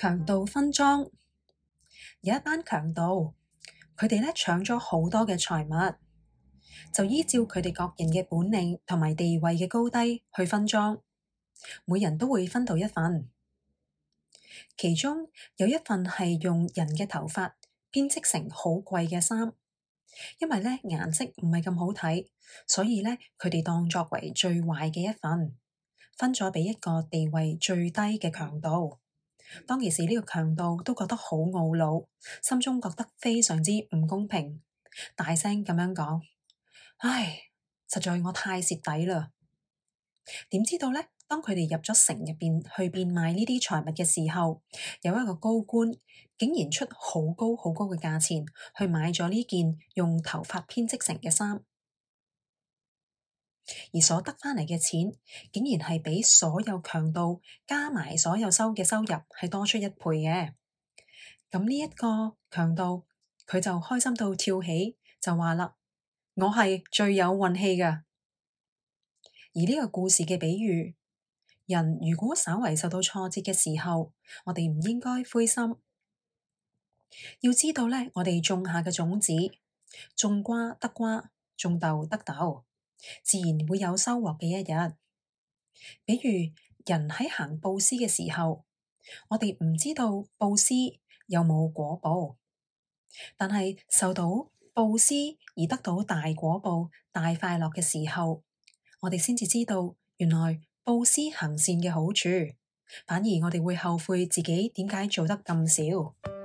強盜分贜，有一班強盜，佢哋咧搶咗好多嘅財物，就依照佢哋各人嘅本領同埋地位嘅高低去分贜，每人都會分到一份。其中有一份係用人嘅頭髮編織成好貴嘅衫，因為咧顏色唔係咁好睇，所以咧佢哋當作為最壞嘅一份，分咗俾一個地位最低嘅強盜。當其時呢個強盜都覺得好懊惱，心中覺得非常之唔公平，大聲咁樣講：唉，實在我太蝕底啦！點知道呢？當佢哋入咗城入邊去變賣呢啲財物嘅時候，有一個高官竟然出好高好高嘅價錢去買咗呢件用頭髮編織成嘅衫。而所得返嚟嘅錢，竟然係比所有強盜加埋所有收嘅收入係多出一倍嘅。咁呢一個強盜，佢就開心到跳起，就話啦：我係最有運氣嘅。而呢個故事嘅比喻，人如果稍微受到挫折嘅時候，我哋唔應該灰心。要知道呢，我哋種下嘅種子，種瓜得瓜，種豆得豆。自然會有收穫嘅一日。比如人喺行布施嘅時候，我哋唔知道布施有冇果報，但係受到布施而得到大果報、大快樂嘅時候，我哋先至知道原來布施行善嘅好處，反而我哋會後悔自己點解做得咁少。